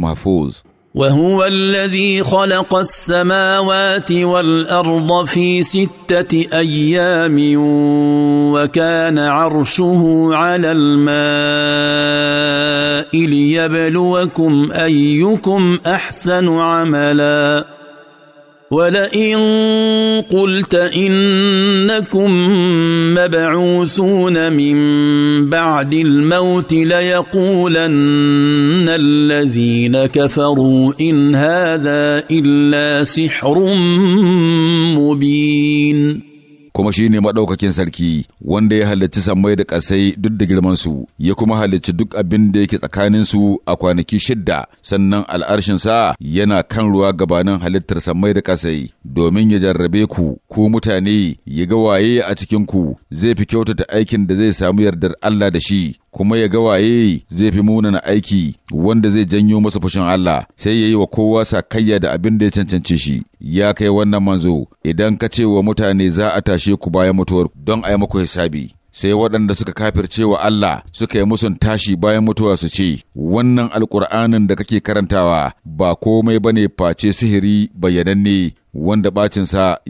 محفوظ وهو الذي خلق السماوات والارض في سته ايام وكان عرشه على الماء ليبلوكم ايكم احسن عملا ولئن قلت انكم مبعوثون من بعد الموت ليقولن الذين كفروا ان هذا الا سحر مبين kuma shi ne maɗaukakin sarki wanda ya halarci sammai da ƙasai duk da girmansu ya kuma halarci duk abin da yake tsakaninsu a kwanaki shidda sannan al'arshinsa yana kan ruwa gabanin halittar sammai da ƙasai domin ya jarrabe ku ko mutane ya ga waye a ku zai fi kyautata aikin da zai samu yardar Allah da shi kuma ya ga waye zai fi munana aiki wanda zai janyo masa fushin Allah sai ya yi wa kowa sakayya da abin da ya cancanci shi ya kai wannan manzo idan ka ce wa mutane za a tashe ku bayan mutuwar don a yi muku hisabi sai waɗanda suka kafirce wa Allah suka yi musun tashi bayan mutuwa su ce, Wannan alƙur'anin da kake karantawa ba komai bane face sihiri bayyananne wanda ɓacinsa